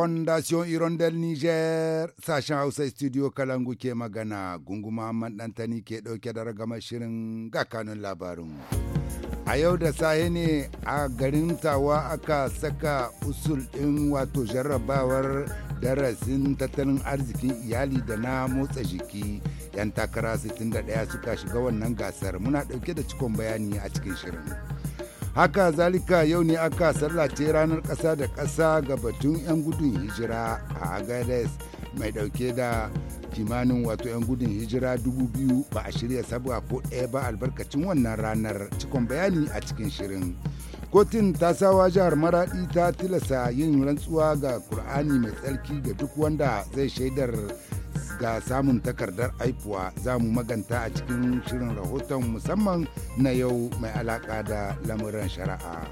fondation irondel niger sashen hausa studio kalangu ke magana gungu muhammad dantani ke dauke da ragamar shirin ga kanun labarin a yau da sahi ne a garin tawa aka saka usul ɗin wato jarrabawar darasin tattalin arzikin iyali da na motsa jiki 'yan takara 61 suka shiga wannan gasar muna dauke da cikon bayani a cikin shirin. haka zalika yau ne aka sallace ranar ƙasa da ƙasa ga batun 'yan gudun hijira a agades mai ɗauke da kimanin wato 'yan gudun hijira dubu biyu ba a shirya sabuwa ko ɗaya ba albarkacin wannan ranar cikon bayani a cikin shirin kotun ta sawa jihar maraɗi ta tilasta yin rantsuwa ga kur'ani mai tsarki ga duk wanda zai shaidar ga samun takardar aifuwa za mu maganta a cikin shirin rahoton musamman na yau mai alaƙa da lamuran shari'a.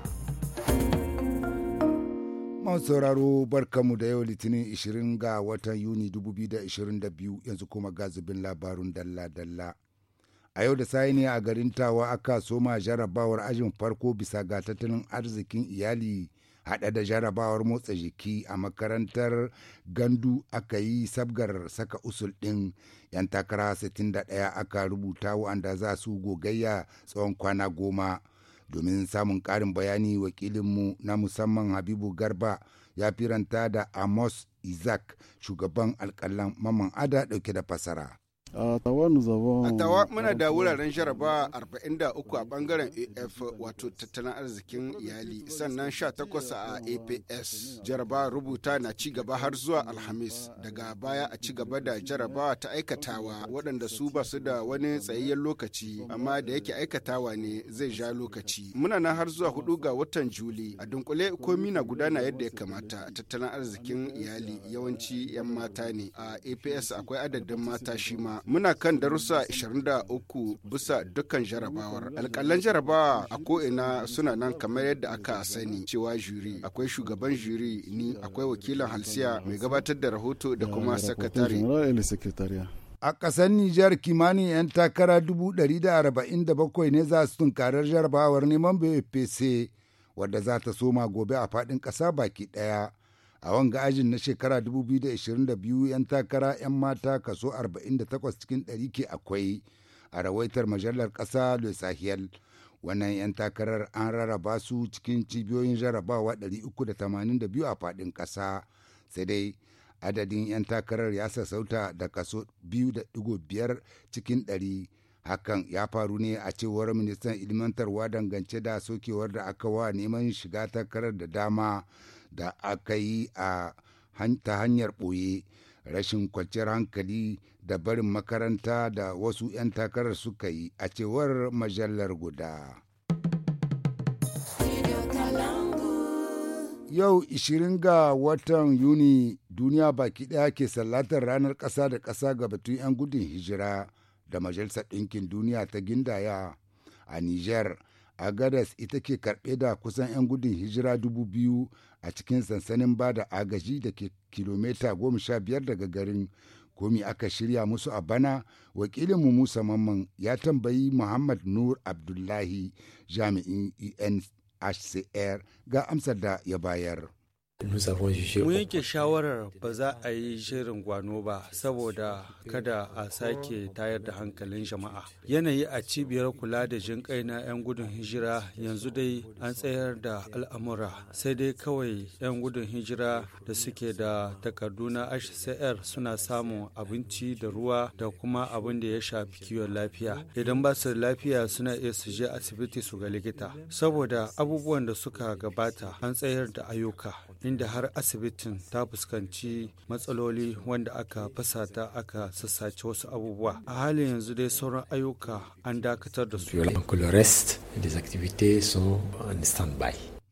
Masu sauraro barkamu da yau litinin 20 ga watan Yuni 2022 yanzu kuma ga labarun dalla-dalla. A yau da sai ne a garin tawa aka soma jarabawar ajin farko bisa ga tattalin arzikin iyali haɗa da jarabawar motsa jiki a makarantar gandu aka yi sabgar saka usul ɗin 'yan takara 61 aka rubuta wa'anda za su gogayya tsawon kwana goma domin samun ƙarin bayani wakilinmu na musamman habibu garba ya firanta da amos isaac shugaban alkalan maman ada ɗauke da fasara a tawa nous avons a tawa muna da wuraren jaraba 43 a bangaren af wato tattalin arzikin iyali sannan 18 a aps jaraba rubuta na ci gaba har zuwa alhamis daga baya a ci gaba da jaraba ta aikatawa waɗanda su ba su da wani tsayayyen lokaci amma da yake aikatawa ne zai ja lokaci muna nan har zuwa hudu ga watan juli a dunkule komi na gudana yadda ya kamata tattalin arzikin iyali yawanci 'yan mata ne a aps akwai adadin mata shi ma muna kan darussa 23 bisa dukkan jarabawar. Alƙalan jarabawa a ko'ina suna nan kamar yadda aka sani cewa juri akwai shugaban juri ni akwai wakilan halsiya mai gabatar da rahoto da kuma sakatare. A ƙasar Nijar kimanin 'yan takara 147 ne za su tunkarar jarabawar neman BPC wadda za ta soma gobe a faɗin ƙasa baki ɗaya. a wanga ajin na shekara 2022 'yan takara 'yan mata kaso 48 cikin 100 ke akwai a rawaitar majalar ƙasa le sahel wannan 'yan takarar an rarraba su cikin cibiyoyin jarabawa 382 a faɗin ƙasa sai dai adadin 'yan takarar ya sassauta da kaso 2.5 cikin 100 hakan ya faru ne a cewar ministan ilimantarwa dangance da sokewar da aka wa neman shiga takarar da dama da aka yi a ta hanyar ɓoye rashin kwanciyar hankali da barin makaranta da wasu 'yan takarar suka yi a cewar majalar guda. Yau 20 ga watan Yuni duniya baki ɗaya ke sallatar ranar ƙasa da ƙasa ga batun 'yan gudun hijira da Majalisar Ɗinkin Duniya ta gindaya a Nijar. a gadas ita ke karɓe da kusan 'yan gudun hijira dubu biyu a cikin sansanin ba da agaji da ke kilomita goma sha biyar daga garin komi aka shirya musu a bana wakilin mu musa mamman ya tambayi muhammad nur abdullahi jami'in unhcr e ga amsar da ya bayar Mun yanke shawarar ba za a yi shirin gwano ba saboda kada a sake tayar da hankalin jama'a. Yanayi a cibiyar kula da jin kai na 'yan gudun hijira yanzu dai an tsayar da al'amura sai dai kawai 'yan gudun hijira da suke da takardu na HCR suna samun abinci da ruwa da kuma abin da ya shafi kiwon lafiya. Idan ba su lafiya suna iya su je asibiti su ga likita. Saboda abubuwan da suka gabata an tsayar da ayyuka. inda har asibitin ta fuskanci matsaloli wanda aka fasata aka sassace wasu abubuwa a halin yanzu dai sauran ayyuka an dakatar da su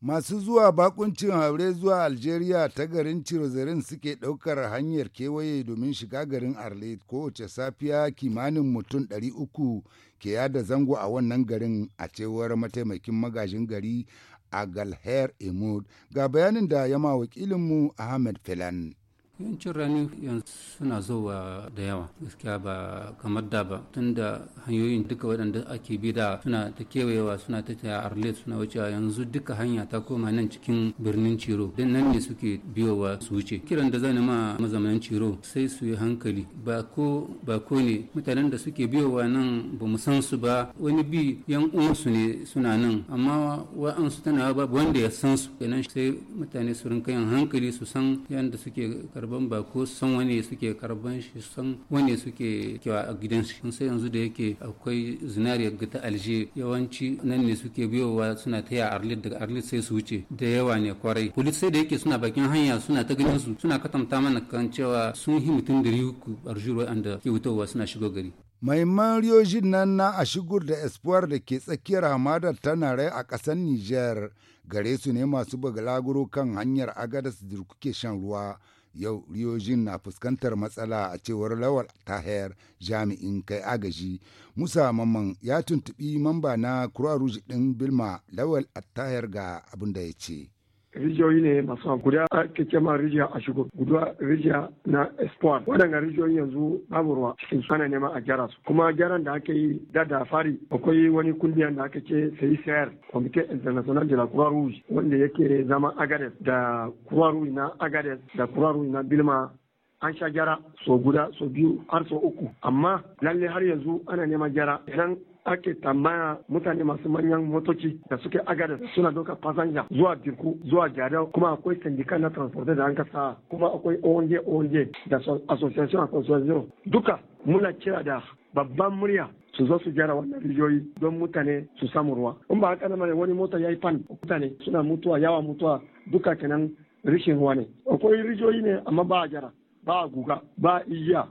masu zuwa bakuncin haure zuwa algeria ta garin cirozarin suke daukar hanyar kewaye domin shiga garin arlet kowace safiya kimanin mutum 300 ke yada zango a wannan garin a cewar mataimakin magajin gari a galher emud ga bayanin da yama wakilinmu ahmed filan yawancin rani yanzu suna zowa da yawa gaskiya ba kamar da ba tunda hanyoyin duka waɗanda ake bi da suna ta kewayewa suna ta taya arlet suna wucewa yanzu duka hanya ta koma nan cikin birnin ciro don nan ne suke biyowa su wuce kiran da zan ma mazamanin ciro sai su yi hankali ba ko ba ko ne mutanen da suke biyowa nan ba mu san su ba wani bi yan uwansu ne suna nan amma wa'ansu tana babu wanda ya san su kenan sai mutane su rinka yin hankali su san yadda suke kar karban ba ko san wane suke karban shi san wane suke kewa a gidan shi sai yanzu da yake akwai zinariya ga ta alje yawanci nan ne suke biyowa suna taya arlit daga arlit sai su wuce da yawa ne kwarai polis sai da yake suna bakin hanya suna ta ganin su suna katamta mana kan cewa sun hi mutum dari uku arjuru wanda ke wutowa suna shigo gari Mahimman riyojin nan na a shigur da espoir da ke tsakiyar hamadar tana rai a ƙasar Nijar gare su ne masu bagalaguro kan hanyar agadas da kuke shan ruwa yau riyojin na fuskantar matsala a cewar lawal tahir jami'in kai agaji musa mamman ya tuntubi mamba na kura rouge din bilma lawal tahir ga abin da ya ce rijiyoyi ne masu guda ake kema rijiya a shigo guda rijiya na espoir waɗanda rijiyoyi yanzu babu ruwa cikin su ana nema a gyara su kuma gyaran da aka yi da da fari akwai wani kungiyar da aka ce sai sayar comité international de la croix rouge wanda yake zama agades da croix rouge na agades da croix rouge na bilma an sha gyara so guda so biyu har so uku amma lalle har yanzu ana neman gyara idan ake tambaya mutane masu manyan motoci da suke agada suna doka fasanja zuwa dirku zuwa jada kuma akwai sindika na transporte da an kasa kuma akwai ong ong da association association duka muna kira da babban murya su zo su gyara wannan rijiyoyi don mutane su samu ruwa in ba haka ne wani mota ya yi fan mutane suna mutuwa yawa mutuwa duka kenan rishin ruwa ne akwai rijiyoyi ne amma ba a gyara ba a guga ba a iya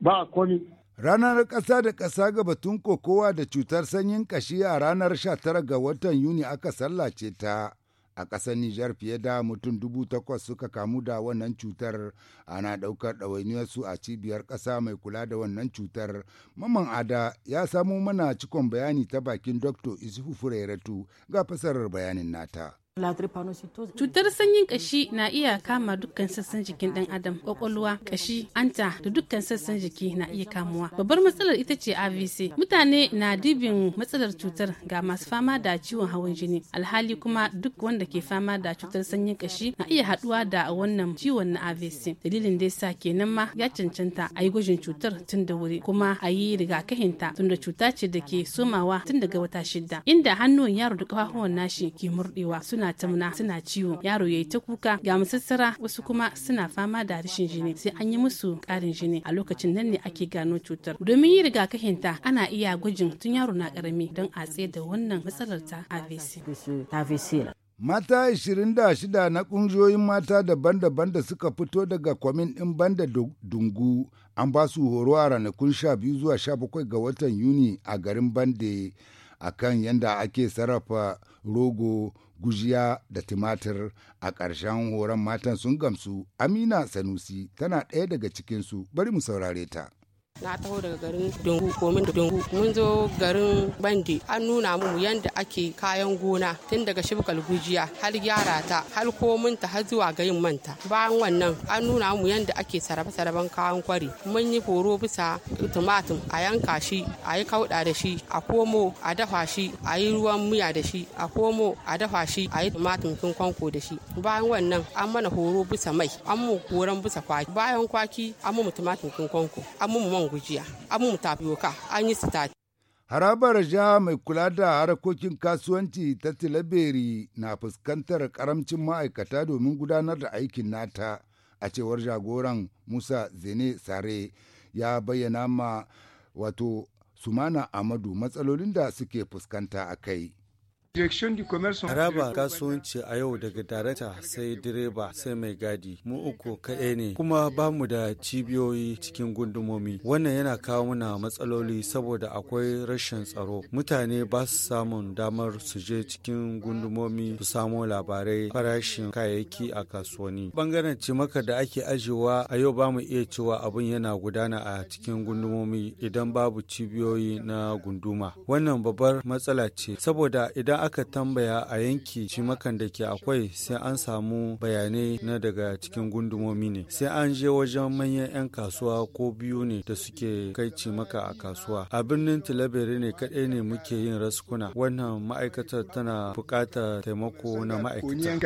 ba a komi Ranar ƙasa da ƙasa ga batun kokowa da cutar sanyin ƙashi a ranar 19 ga watan Yuni aka sallace ta. A ƙasar Nijar fiye da mutum dubu takwas suka kamu da wannan cutar ana ɗaukar ɗawainiyarsu a cibiyar ƙasa mai kula da wannan cutar. Maman Ada ya samo mana cikon bayani ta bakin Dr. Isufu Furairatu ga fasarar bayanin nata. Cutar sanyin kashi na iya kama dukkan sassan jikin ɗan adam, kwakwalwa, kashi, anta da dukkan sassan jiki na iya kamuwa. Babbar matsalar ita ce AVC. Mutane na dibin matsalar cutar ga masu fama da ciwon hawan jini. Alhali kuma duk wanda ke fama da cutar sanyin kashi na iya haɗuwa da wannan ciwon na AVC. Dalilin da yasa kenan ma ya cancanta a yi gwajin cutar tun da wuri kuma a yi rigakahinta tun da cuta ce da ke somawa tun daga wata shida. Inda hannun yaro da ƙafafuwan nashi ke murɗewa suna suna muna suna ciwo yaro yayi ta kuka ga musassara wasu kuma suna fama da rashin jini sai an yi musu karin jini a lokacin nan ne ake gano cutar domin yin rigakafin ta ana iya gwajin tun yaro na karami don a tsaye da wannan matsalar ta AVC Mata 26 na ƙungiyoyin mata daban-daban da suka fito daga kwamin ɗin banda dungu an ba su horo a ranakun 12 zuwa 17 ga watan Yuni a garin bande a kan yadda ake sarrafa rogo gujiya da tumatir a ƙarshen horon matan sun gamsu amina sanusi tana ɗaya daga cikinsu bari mu saurare ta na taho daga garin dungu komin dungu mun zo garin bandi an nuna mu yanda ake kayan gona tun daga shibkal gujiya har gyara ta har komin ta har zuwa ga yin manta bayan wannan an nuna mu yanda ake sarafa sarafan kayan kwari mun yi horo bisa tumatum a yanka shi a yi kauda da shi a komo a dafa shi a yi ruwan miya da shi a komo a dafa shi a yi tumatum tun kwanko da shi bayan wannan an mana horo bisa mai an mu horon bisa kwaki bayan kwaki an mu tumatum tun kwanko an mu man gujiya amun tafiyoka an yi sita Harabar mai kula da harkokin kasuwanci ta Tilaberi na fuskantar karamcin ma'aikata domin gudanar da aikin nata a cewar jagoran Musa Zene Sare ya bayyana ma wato Sumana Amadu matsalolin da suke fuskanta a kai. Araba kasuwanci a yau daga darata sai direba sai mai gadi mu uku kaɗai ne kuma ba mu da cibiyoyi cikin gundumomi wannan yana kawo mana matsaloli saboda akwai rashin tsaro mutane ba su samun damar su je cikin gundumomi su samo labarai farashin kayayyaki a kasuwanni bangaren cimaka da ake ajiyewa a yau ba mu iya cewa abin yana gudana a cikin gundumomi idan babu cibiyoyi na gunduma wannan babbar matsala ce saboda idan aka tambaya a yanki cimakan da ke akwai sai an samu bayanai na daga cikin gundumomi ne sai an je wajen manyan 'yan kasuwa ko biyu ne da suke kai cimaka a kasuwa a birnin tilabere ne kaɗai ne muke yin raskuna wannan ma'aikatar tana buƙatar taimako na ma'aikata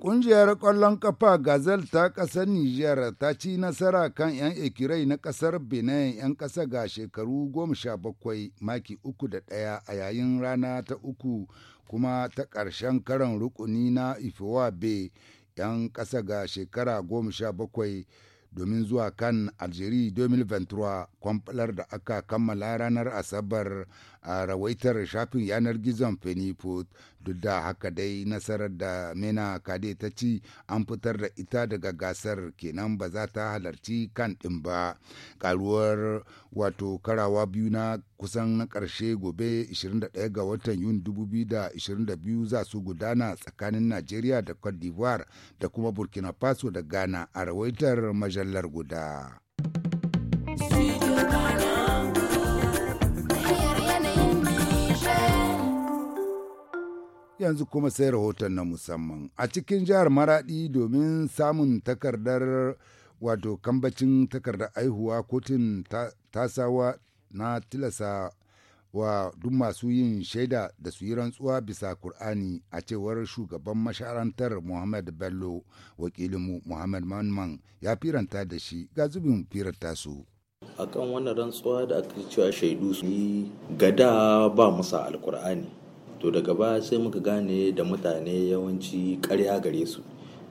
Ƙungiyar ƙwallon ƙafa Gazal ta ƙasar Nijar ta ci nasara kan 'yan ekirai na ƙasar Benin 'yan ƙasa ga shekaru goma sha bakwai maki uku da ɗaya a yayin rana ta uku kuma ta ƙarshen karan rukuni na Ifowa Be 'yan ƙasa ga shekara goma sha bakwai domin zuwa kan Algeria 2023 kwamfalar da aka kammala ranar Asabar a rawaitar shafin yanar gizon fenipot duk da haka dai nasarar da mena kade ta ci an fitar da ita daga gasar kenan ba za ta halarci kan ɗin ba karuwar wato karawa biyu na kusan na ƙarshe gobe 21 ga watan yuni 2022 za su gudana tsakanin najeriya da cote d'ivoire da kuma burkina faso da ghana a rawaitar majallar guda yanzu kuma sai rahoton na musamman a cikin jihar maradi domin samun takardar wato kambacin takardar aihuwa kotun tasawa na tilasa wa duk masu yin shaida da su yi rantsuwa bisa Kur'ani a cewar shugaban masharantar Muhammad Bello wakilinmu Muhammad Manman ya firanta da shi ga zubin firanta su. akan wannan rantsuwa da aka cewa shaidu su yi gada ba masa alkur'ani to daga baya sai muka gane da mutane yawanci karya gare su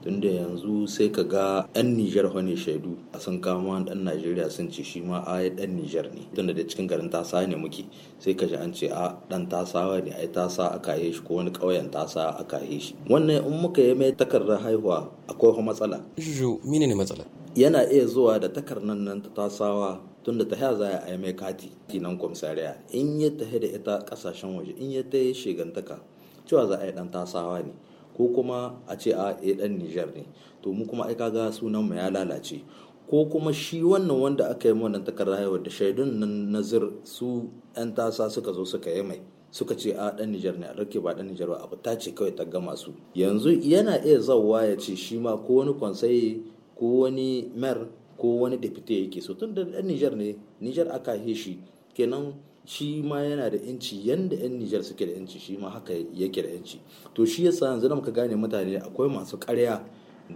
tunda yanzu sai ka ga yan Nijar ne shaidu a sun kama ɗan Najeriya sun ce shi ma a ɗan Nijar ne tunda da cikin garin tasa ne muke sai ka ji an ce a ɗan tasawa ne ai tasa aka yi shi ko wani ƙauyen tasa aka yi shi wannan in muka yi mai takardar haihuwa akwai matsala. matsala? Yana iya zuwa da takardar nan ta tasawa tunda ta haya za a yi mai kati tinan komisariya in ya tahi da ita kasashen waje in ya ta shigantaka cewa za a yi dan tasawa ne ko kuma a ce a yi eh, dan Nijar ne to mu kuma aika ga sunan mu ya lalace ko kuma shi wannan wanda aka yi wannan takarda da shaidun nan nazir su yan tasa suka zo suka yi mai suka ce a dan Nijar ne a rake ba dan Nijar ba abu ta ce kawai ta gama su yanzu yana iya zawa ya ce shi ma ko wani konsaye ko wani mer ko wani depute yake so tun da ɗan Nijar ne Nijar aka yi shi kenan shi ma yana da yanci yanda yan Nijar suke da yanci shi ma haka yake da yanci to shi yasa yanzu da muka gane mutane akwai masu karya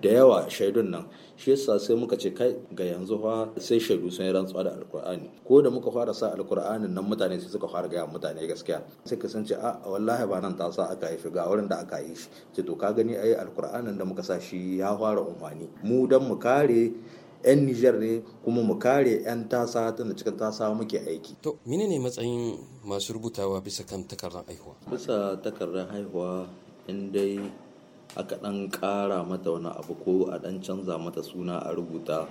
da yawa shaidun nan shi yasa sai muka ce kai ga yanzu fa sai shaidu sun yi rantsuwa da alkur'ani ko da muka fara sa alkur'anin nan mutane sai suka fara gaya mutane gaskiya sai ka san ce a ah, wallahi ba nan ta sa aka haifi ga wurin da aka yi shi ce to ka gani ai alkur'anin da muka sa shi ya fara umarni. mu dan mu kare 'yan Nijar ne kuma mu kare 'yan tasa tana cikin tasa muke aiki. To, mine ne matsayin masu rubutawa bisa kan takardar haihuwa? Bisa takardar haihuwa in dai aka ɗan ƙara mata wani abu ko a ɗan canza mata suna a rubuta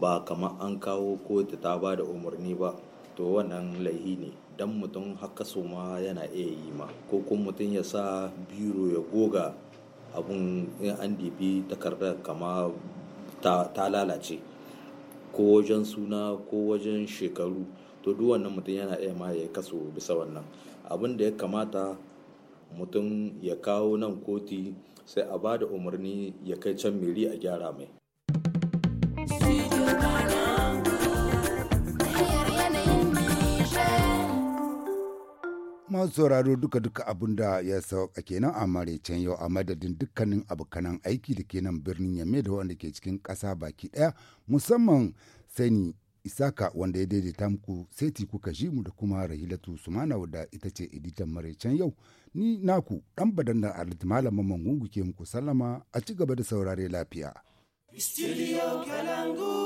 ba kamar an kawo kotu ta ba da umarni ba to wannan laihi ne dan mutum haka so ma yana iya yi ma ko kuma mutum ya sa biro ya goga abun in an dibi takardar kama ta lalace ko wajen suna ko wajen shekaru to duk wannan mutum yana iya ma ya kaso bisa wannan abin da ya kamata mutum ya kawo nan koti sai a ba da umarni ya kai can miri a gyara mai masu sauraro duka-duka abin da ya sauka kenan a maraicen yau a madadin dukkanin abokanan aiki da ke nan birnin yamme da wanda ke cikin ƙasa baki ɗaya musamman sani isaka wanda ya daidaita muku seti kuka ji mu da kuma rahilatu sumana wadda ita ce editan maraicen yau ni naku ɗan badan da malaman malamin mangungu ke muku sallama a ci gaba da saurare lafiya. Studio Kalangu.